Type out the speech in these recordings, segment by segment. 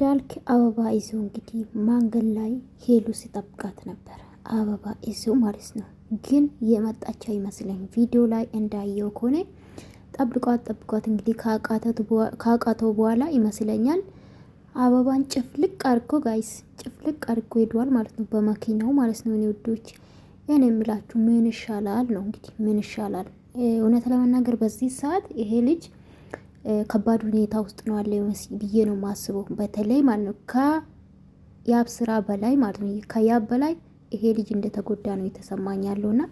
እንዳልክ አበባ ይዞ እንግዲህ ማንገድ ላይ ሄሉ ሲጠብቃት ነበር። አበባ ይዞ ማለት ነው። ግን የመጣች አይመስለኝ። ቪዲዮ ላይ እንዳየው ከሆነ ጠብቋት ጠብቋት እንግዲህ ካቃተው በኋላ ይመስለኛል አበባን ጭፍልቅ አርጎ ጋይስ ጭፍልቅ አርጎ ሄዷል ማለት ነው፣ በመኪናው ማለት ነው። እኔ ውዶች ያን የምላችሁ ምን ይሻላል ነው እንግዲህ ምን ይሻላል እውነት ለመናገር በዚህ ሰዓት ይሄ ልጅ ከባድ ሁኔታ ውስጥ ነው ያለ ብዬ ነው ማስበው። በተለይ ማለት ነው ከያብ ስራ በላይ ማለት ነው ከያብ በላይ ይሄ ልጅ እንደተጎዳ ነው የተሰማኝ ያለው እና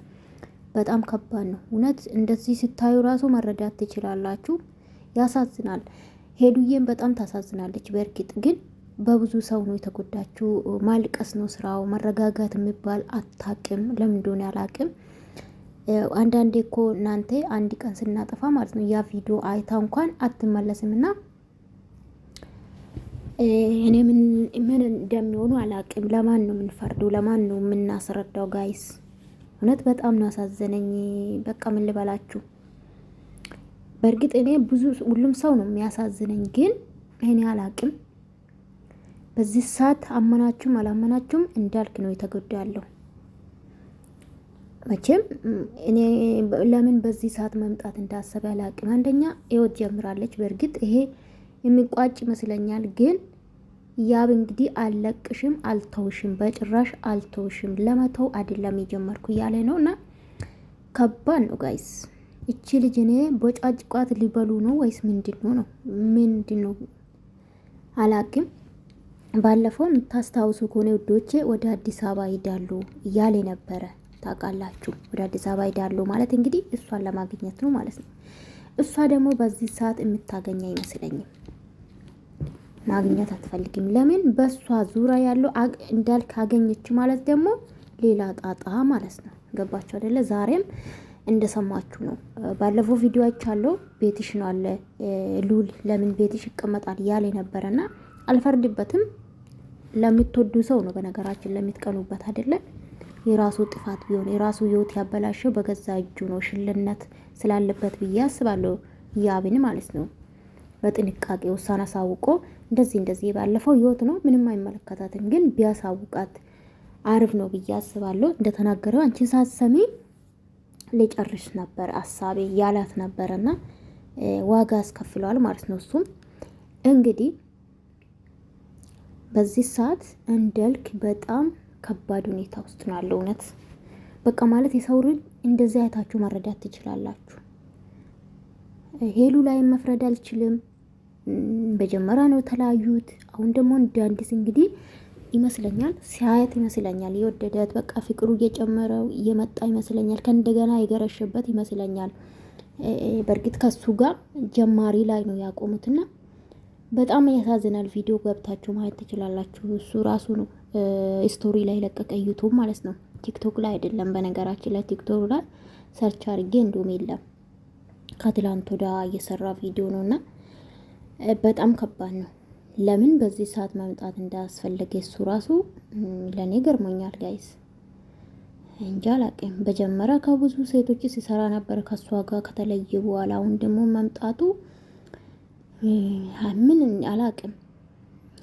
በጣም ከባድ ነው እውነት። እንደዚህ ስታዩ ራሱ መረዳት ትችላላችሁ። ያሳዝናል። ሄዱዬን በጣም ታሳዝናለች። በእርግጥ ግን በብዙ ሰው ነው የተጎዳችው። ማልቀስ ነው ስራው። መረጋጋት የሚባል አታቅም። ለምን እንደሆነ አንዳንዴ እኮ እናንተ አንድ ቀን ስናጠፋ ማለት ነው ያ ቪዲዮ አይታ እንኳን አትመለስም እና እኔ ምን እንደሚሆኑ አላቅም። ለማን ነው የምንፈርደው? ለማን ነው የምናስረዳው? ጋይስ እውነት በጣም ነው ያሳዘነኝ። በቃ ምን ልበላችሁ። በእርግጥ እኔ ብዙ ሁሉም ሰው ነው የሚያሳዝነኝ፣ ግን እኔ አላቅም። በዚህ ሰዓት አመናችሁም አላመናችሁም እንዳልክ ነው የተጎዳ ያለው። መቼም እኔ ለምን በዚህ ሰዓት መምጣት እንዳሰበ አላቅም። አንደኛ ህይወት ጀምራለች። በእርግጥ ይሄ የሚቋጭ ይመስለኛል፣ ግን ያብ እንግዲህ አልለቅሽም፣ አልተውሽም፣ በጭራሽ አልተውሽም፣ ለመተው አይደለም የጀመርኩ እያለ ነው። እና ከባድ ነው ጋይስ። እቺ ልጅ እኔ በጫጭቋት ሊበሉ ነው ወይስ ምንድን ነው ነው ምንድን ነው አላቅም። ባለፈው የምታስታውሱ ከሆነ ውዶቼ ወደ አዲስ አበባ ይሄዳሉ እያለ ነበረ ታውቃላችሁ። ወደ አዲስ አበባ ሄዳለሁ ማለት እንግዲህ እሷን ለማግኘት ነው ማለት ነው። እሷ ደግሞ በዚህ ሰዓት የምታገኝ አይመስለኝም። ማግኘት አትፈልግም። ለምን? በእሷ ዙሪያ ያለው እንዳልክ አገኘች ማለት ደግሞ ሌላ ጣጣ ማለት ነው። ገባችሁ አይደለ? ዛሬም እንደሰማችሁ ነው። ባለፈው ቪዲዮ አይቻለሁ። ቤትሽ ነው አለ ሉል። ለምን ቤትሽ ይቀመጣል ያለ ነበረና አልፈርድበትም። ለምትወዱ ሰው ነው በነገራችን፣ ለሚትቀኑበት አይደለም። የራሱ ጥፋት ቢሆን የራሱ ህይወት ያበላሸው በገዛ እጁ ነው። ሽልነት ስላለበት ብዬ አስባለሁ። ያብን ማለት ነው። በጥንቃቄ ውሳኔ አሳውቆ እንደዚህ እንደዚህ ባለፈው ህይወት ነው ምንም አይመለከታትም፣ ግን ቢያሳውቃት አርብ ነው ብዬ አስባለሁ። እንደተናገረው አንቺን ሳትሰሚ ልጨርሽ ነበር አሳቤ ያላት ነበረና ዋጋ አስከፍለዋል ማለት ነው። እሱም እንግዲህ በዚህ ሰዓት እንደልክ በጣም ከባድ ሁኔታ ውስጥ ነው ያለው። እውነት በቃ ማለት የሰው ልጅ እንደዚህ አይታችሁ መረዳት ትችላላችሁ። ሄሉ ላይ መፍረድ አልችልም። መጀመሪያ ነው የተለያዩት። አሁን ደግሞ እንዳንዲስ እንግዲህ ይመስለኛል ሲያየት ይመስለኛል የወደደት በቃ ፍቅሩ እየጨመረው እየመጣ ይመስለኛል። ከእንደገና የገረሸበት ይመስለኛል። በእርግጥ ከሱ ጋር ጀማሪ ላይ ነው ያቆሙትና በጣም ያሳዝናል። ቪዲዮ ገብታችሁ ማየት ትችላላችሁ። እሱ ራሱ ነው ስቶሪ ላይ ለቀቀ፣ ዩቱብ ማለት ነው። ቲክቶክ ላይ አይደለም። በነገራችን ላይ ቲክቶክ ላይ ሰርች አድርጌ እንዲሁም የለም ከትላንት ወዳ እየሰራ ቪዲዮ ነው እና በጣም ከባድ ነው። ለምን በዚህ ሰዓት መምጣት እንዳስፈለገ እሱ ራሱ ለእኔ ገርሞኛል ጋይስ። እንጃ አላቅም። በጀመረ ከብዙ ሴቶች ሲሰራ ነበር ከእሷ ጋር ከተለየ በኋላ አሁን ደግሞ መምጣቱ ምን አላቅም።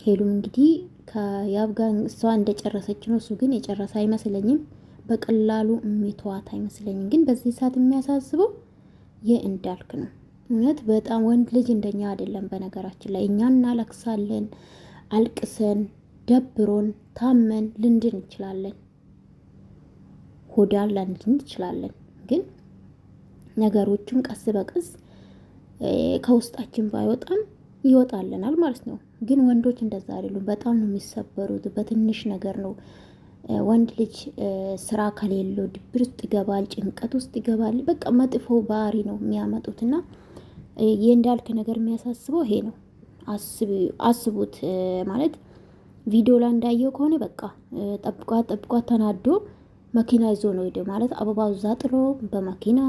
ሄሉም እንግዲህ ከያብ ጋር እሷ እንደጨረሰች ነው። እሱ ግን የጨረሰ አይመስለኝም። በቀላሉ የሚተዋት አይመስለኝም። ግን በዚህ ሰዓት የሚያሳስበው ይህ እንዳልክ ነው። እውነት በጣም ወንድ ልጅ እንደኛ አይደለም። በነገራችን ላይ እኛ እናለቅሳለን፣ አልቅሰን፣ ደብሮን፣ ታመን ልንድን እንችላለን፣ ሆዳን ላንድን እንችላለን። ግን ነገሮቹን ቀስ በቀስ ከውስጣችን ባይወጣም ይወጣልናል ማለት ነው። ግን ወንዶች እንደዛ አይደሉም። በጣም ነው የሚሰበሩት። በትንሽ ነገር ነው ወንድ ልጅ ስራ ከሌለው ድብር ውስጥ ይገባል፣ ጭንቀት ውስጥ ይገባል። በቃ መጥፎ ባህሪ ነው የሚያመጡት እና እንዳልክ ነገር የሚያሳስበው ይሄ ነው። አስቡት ማለት ቪዲዮ ላይ እንዳየው ከሆነ በቃ ጠብቋ ጠብቋ ተናዶ መኪና ይዞ ነው ሄደ ማለት አበባ ዛ ጥሎ በመኪና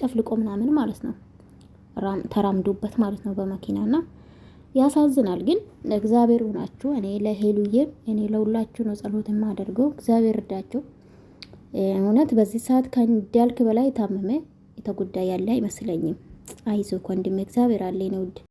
ጨፍልቆ ምናምን ማለት ነው ተራምዶበት ማለት ነው በመኪና እና ያሳዝናል። ግን እግዚአብሔር ሁናችሁ እኔ ለሄሉዬም እኔ ለሁላችሁ ነው ጸሎት የማደርገው። እግዚአብሔር እርዳቸው። እውነት በዚህ ሰዓት ከእንዳልክ በላይ የታመመ የተጎዳ ያለ አይመስለኝም። አይዞህ ወንድሜ፣ እግዚአብሔር አለ ነው።